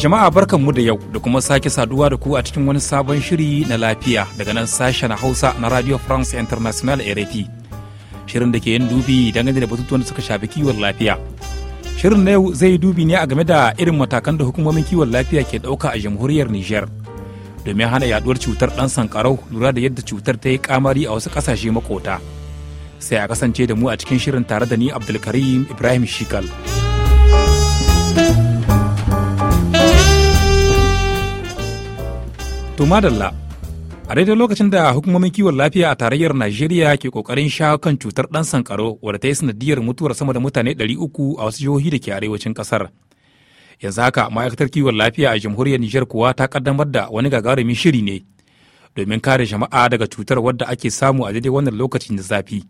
Jama'a barkanmu da yau da kuma sake saduwa da ku a cikin wani sabon shiri na lafiya daga nan sashen Hausa na Radio France International RFI. Shirin da ke yin dubi dangane da batutuwan da suka shafi kiwon lafiya. Shirin na yau zai dubi ne a game da irin matakan da hukumomin kiwon lafiya ke ɗauka a jamhuriyar niger Domin hana yaduwar cutar ɗan sankarau lura da yadda cutar ta yi kamari a wasu ƙasashe makota. Sai a kasance da mu a cikin shirin tare da ni Abdulkarim Ibrahim Shikal. To madalla, a daidai lokacin da hukumomin kiwon lafiya a tarayyar Najeriya ke kokarin shawo kan cutar dan sankaro wadda ta yi sanadiyar mutuwar sama da mutane 300 a wasu jihohi da ke arewacin kasar Yanzu haka ma'aikatar kiwon lafiya a jamhuriyar Nijar kuwa ta kaddamar da wani gagarumin shiri ne domin kare jama'a daga cutar wadda ake samu a daidai wannan lokacin da zafi.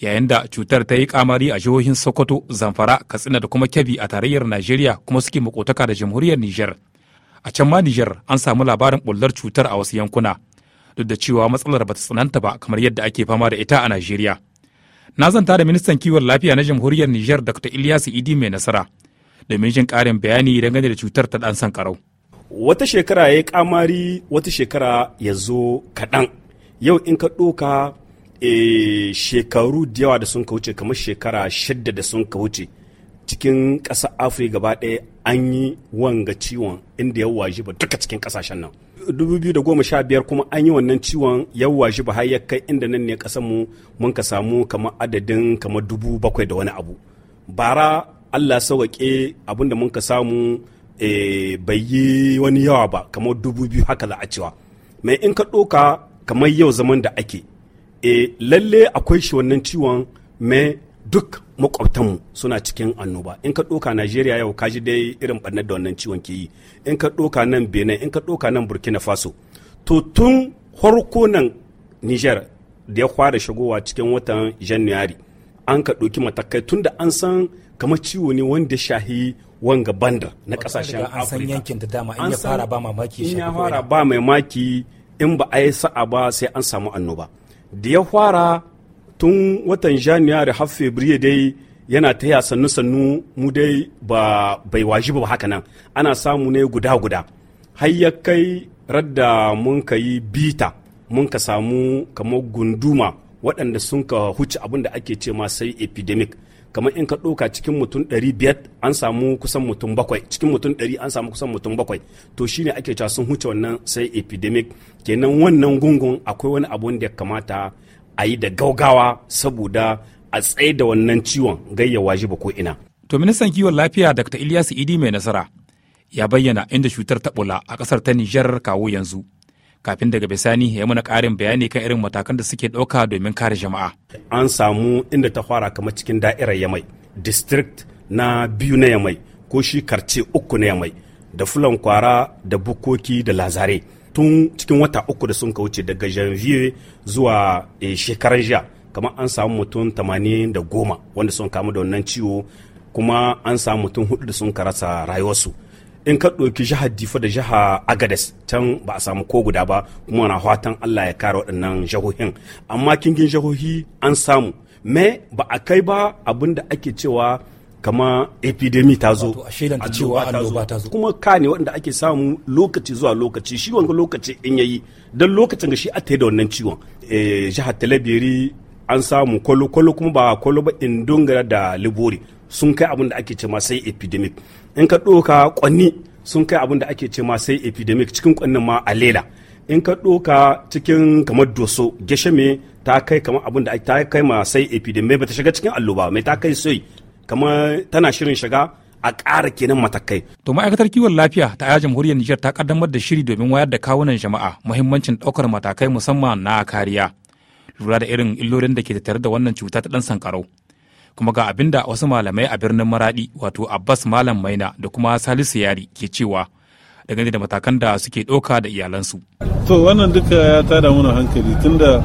Yayin da cutar ta yi kamari a jihohin Sokoto, Zamfara, Katsina da kuma Kebbi a tarayyar Najeriya kuma suke makotaka da jamhuriyar Nijar. a can ma Nijar an samu labarin bullar cutar a wasu yankuna duk da cewa matsalar bata tsananta ba kamar yadda ake fama da ita a Najeriya. Na zanta da ministan kiwon lafiya na jamhuriyar Nijar Dr. Ilyas Idi mai nasara domin jin karin bayani dangane da cutar ta dan sankarau. Wata shekara ya yi kamari wata shekara ya zo kaɗan. Yau in ka ɗoka e, shekaru da yawa da sun ka wuce kamar shekara shidda da sun ka wuce cikin ƙasa Afirka gaba ɗaya an yi wanga ciwon inda shi ba duka cikin kasashen nan sha biyar kuma an yi wannan ciwon shi ba har ya kai inda nan ne kasan mu mun ka samu kamar adadin kamar dubu bakwai da wani abu bara allah sauƙaƙe da mun ka samu eh, bai yi wani yawa ba kama dubu biyu haka za a cewa mai in ka ɗoka kamar yau zaman da ake e, lalle akwai shi wannan ciwon mai duk makwabtanmu suna cikin annoba in ka ɗoka najeriya yau ka ji dai irin ɓarnar da wannan ciwon ke yi in ka ɗoka nan benin in ka ɗoka nan burkina faso to tun farko nan niger da ya fara shigowa cikin watan januari an ka ɗoki matakai tun da an san kamar ciwo ne wanda shahi wanga banda na kasashen afirka an san yankin da dama in ya fara ba mamaki in ya fara ba mamaki in ba a yi sa'a ba sai an samu annoba da ya fara tun watan january har february dai yana ta sannu sannu mu dai ba bai waji ba haka nan ana samu ne guda guda har ya kai radda mun ka yi bita mun ka samu kamar gunduma waɗanda sun ka huce abin da ake ce ma sai epidemic kamar in ka ɗauka cikin mutum 500 biyar an samu kusan mutum bakwai cikin mutum 100 an samu kusan mutum bakwai to shine ake cewa sun huce wannan sai epidemic kenan wannan gungun akwai wani abu da ya kamata a yi da gaugawa saboda a tsaye da wannan ciwon gayyawa shi ba ko ina. To ministan kiwon lafiya Dr. Ilyasu Idi mai nasara ya bayyana inda cutar ta bula a kasar ta Nijar kawo yanzu. Kafin daga bisani ya muna ƙarin bayani kan irin matakan da suke ɗauka domin kare jama'a. An samu inda ta fara kamar cikin da'irar Yamai, district na biyu na Yamai, ko shi karce uku na Yamai, da fulan kwara da bukoki da lazare. tun cikin wata uku da sun wuce daga janvier zuwa eh, shekaran jiya kamar an samu mutum tamanin da goma wanda sun kamu da wannan ciwo kuma an samu mutum hudu da sun karasa rayuwarsu in ka ɗauki jihar difa da jihar agades can ba a samu ko guda ba kuma na fatan allah ya kare waɗannan jihohin amma kingin jihohi an samu me ba a kai ba abin da ake cewa kama epidemi ta zo a cewa annoba ta zo kuma ka ne wanda ake samu lokaci zuwa lokaci shi wanga lokaci in yayi dan lokacin ga shi a da wannan ciwon eh jihar talabiri an samu kolo kolo kuma ba kolo ba in dungara da libori sun kai abin da ake cewa sai epidemic in ka doka kwanni sun kai abin ake cewa sai epidemic cikin kwannin ma alela in ka doka cikin kamar doso gesheme ta kai kamar abin da ta kai ma sai epidemic ba ta shiga cikin alloba mai ta kai sai kamar tana shirin shiga a ƙara kenan matakai. To ma'aikatar kiwon lafiya ta aya jamhuriyar Nijar ta kaddamar da shiri domin wayar da kawunan jama'a muhimmancin ɗaukar matakai musamman na kariya. Lura da irin illolin da ke tattare da wannan cuta ta ɗan sankarau. Kuma ga abin da wasu malamai a birnin Maraɗi wato Abbas Malam Maina da kuma Salisu Yari ke cewa dangane da matakan da suke ɗauka da iyalansu. To wannan duka ya tada mana hankali tunda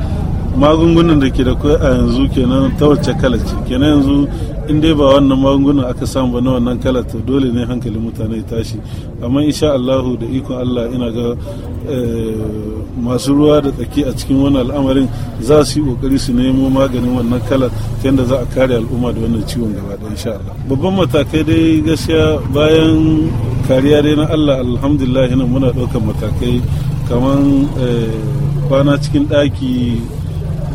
magungunan da ke da a yanzu kenan ta wacce kala ce kenan yanzu in dai ba wannan magungunan aka samu ba na wannan kala to dole ne hankalin mutane tashi amma insha Allahu da ikon Allah ina ga eh, masu ruwa da tsaki a cikin wani al'amarin za su yi kokari su nemo maganin wannan kalar ta yadda za a kare al'umma da wannan ciwon gaba da insha Allah babban matakai dai gaskiya bayan kariya dai na Allah alhamdulillah muna ɗaukar matakai kamar eh, kwana cikin daki.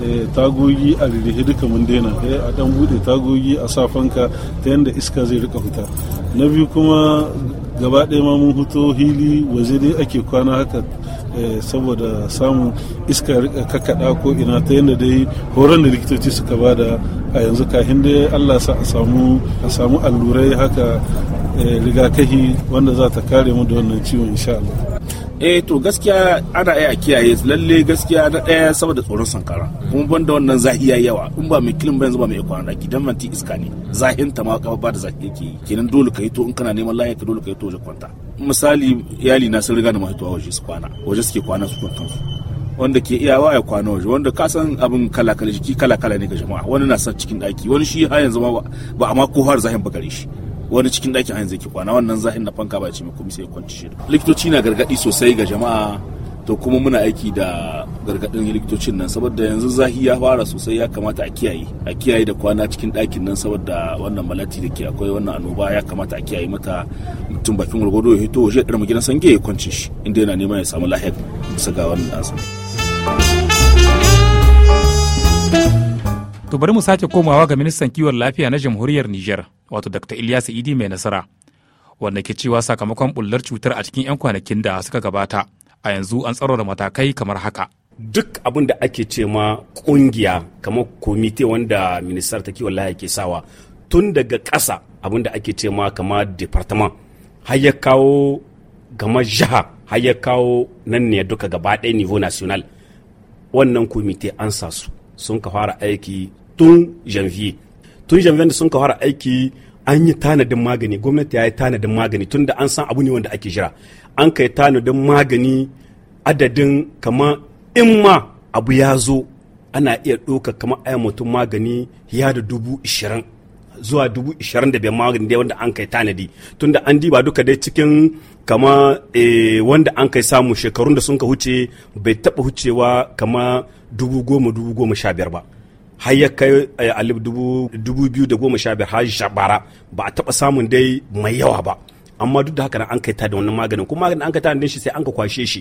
Eh, tagogi a rirhe duka mun daina eh, a dan bude tagogi a sa fanka ta yadda iska zai rika fita na biyu kuma gaba ɗaya ma mun huto hili waje dai ake kwana haka eh, saboda samun iska rika kakaɗa ko ina ta yadda dai horon da likitoci suka ba da a yanzu kahin dai allah sa a samu a samu allurai haka rigakafi wanda za ta kare mu da wannan ciwon insha Allah eh to gaskiya ana iya kiyaye lalle gaskiya na ɗaya saboda tsoron sankara kuma ban da wannan zahi ya yawa in ba mai kilin ba yanzu mai ikon raki dan manti iska ne zahin ta ma ba da zahi yake yi kenan dole ka yi to in kana neman layi ka dole ka yi to waje kwanta misali iyali na sun riga da a waje su kwana waje suke kwana su kwanta su wanda ke iyawa ya kwana waje wanda ka san abin kala kala jiki kala kala ne ga jama'a wani na sa cikin ɗaki wani shi har yanzu ba a ma ko har zahin ba gare shi wani cikin ɗakin hanyar zai kwana wannan zahin na fanka ba ce mai komai sai kwanci shi likitoci na gargaɗi sosai ga jama'a to kuma muna aiki da gargaɗin likitocin nan saboda yanzu zahi ya fara sosai ya kamata a kiyaye a kiyaye da kwana cikin ɗakin nan saboda wannan malati da ke akwai wannan annoba ya kamata a kiyaye mata mutum bakin gwargwado ya hito waje ya ɗarma gidan sange ya kwanci shi inda yana neman ya samu lahiyar bisa ga wannan ɗansa. To bari mu sake komawa ga ministan kiwon lafiya na jamhuriyar Nijar, wato Dr. Ilyas Idi mai nasara, wanda ke cewa sakamakon bullar cutar a cikin 'yan kwanakin da suka gabata, a yanzu an tsaro da matakai kamar haka. duk abin da ake ce ma kungiya kamar komite wanda ministar ta kiwon lafiya ke sawa tun daga kasa abin da ake ce ma kama departement har kawo gama jiha har ya kawo nan ne duka gaba ɗaya nivo national wannan komite an sa su sun ka fara aiki tun janvier tun janvier da sun ka fara aiki an yi tanadin magani gwamnati ya yi tanadin magani tun da an san abu ne wanda ake jira an kai tanadin magani adadin kama in ma abu ya zo ana iya ɗauka kama aya mutum magani ya da dubu ishirin zuwa dubu ishirin da bai magani dai wanda an kai tanadi tun da an diba duka dai cikin kama e, eh, wanda an kai samu shekarun da sun ka huce bai taɓa hucewa kama dubu goma dubu goma sha biyar ba har ya kai eh, alif dubu biyu da goma sha biyar har shabara ba a taba samun dai mai yawa ba amma duk da haka an kai ta da wannan maganin kuma maganin an kai ta da shi sai an ka kwashe shi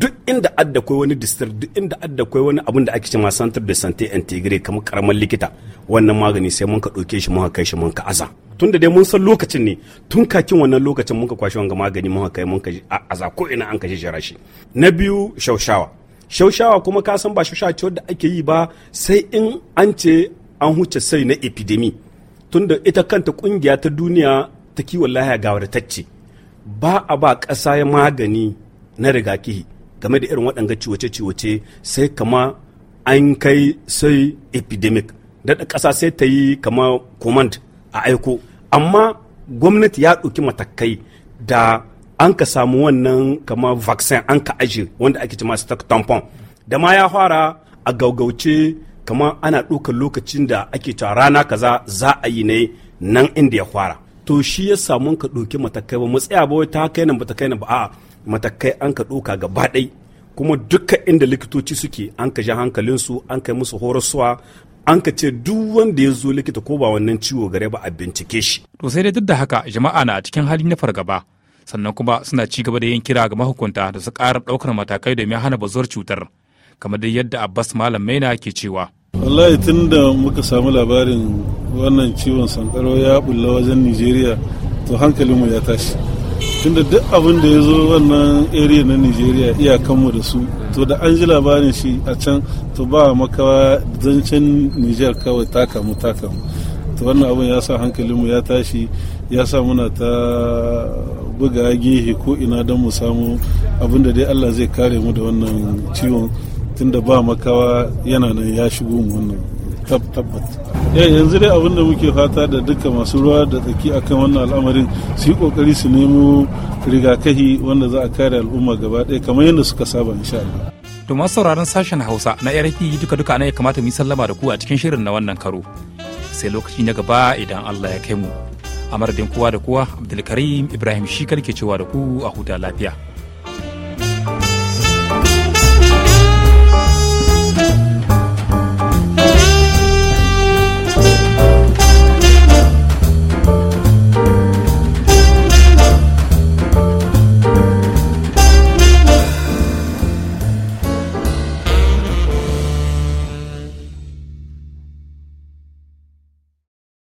duk inda adda kai wani district duk inda adda kai wani abin da ake cewa center de santé intégré kamar karamar likita wannan magani sai mun ka ɗauke shi mun kai shi mun ka aza tun da dai mun san lokacin ne tun kakin wannan lokacin mun ka kwashe wanga magani mun kai mun ka aza ko ina an ka shi shi na biyu shaushawa shaushawa kuma ka san ba shaushawa ce wadda ake yi ba sai in an ce an huce sai na epidemi tunda ita kanta kungiya ta duniya ta kiwon lahiya gawartacce ba a ba ƙasa ya magani na rigakihi game da irin waɗanga ciwace-ciwace sai kama an kai sai epidemic daɗa ƙasa sai ta yi kama command a aiko amma gwamnati ya ɗauki matakai da an ka samu wannan kaman vaccine an ka aje wanda ake cema stock tampon da ma ya fara a gaugauce kamar ana ɗaukar lokacin da ake cewa rana kaza za a yi ne nan inda ya fara to shi ya samu ka ɗauki matakai ba mu tsaya ba ta kai nan ba ta kai nan ba a matakai an ka ɗauka gaba ɗai kuma duka inda likitoci suke an ka ja hankalinsu an kai musu horaswa an ka ce duk wanda ya zo likita ko ba wannan ciwo gare ba a bincike shi. To sai dai duk da haka jama'a na cikin hali na fargaba sannan kuma suna ci gaba da yin kira ga mahukunta da su ƙara ɗaukar matakai domin hana bazuwar cutar kamar dai yadda abbas malam maina ke cewa wallahi tun da muka samu labarin wannan ciwon sankaro ya bulla wajen nigeria to hankalinmu ya tashi tunda duk abin da ya zo wannan area na nigeria iyakanmu da su to da an ji labarin shi a can to ba makawa zancen niger kawai takamu takamu to wannan abin ya sa hankalinmu ya tashi ya sa muna ta buga gehe ko ina don mu samu abinda dai allah zai kare mu da wannan ciwon tunda ba makawa yana nan ya shigo mu wannan tabbat eh, yanzu dai abin da muke fata da duka masu ruwa da tsaki akan wannan al'amarin su yi kokari su nemo rigakahi wanda za a kare al'umma gaba ɗaya kamar yadda suka saba insha Allah to masu sauraron sashen Hausa na RFI duka duka nan ya kamata mu yi sallama da ku a cikin shirin na wannan karo sai lokaci na gaba idan Allah ya kai mu a madadin kowa da kowa abdulkarim ibrahim shi ke cewa da ku a huta lafiya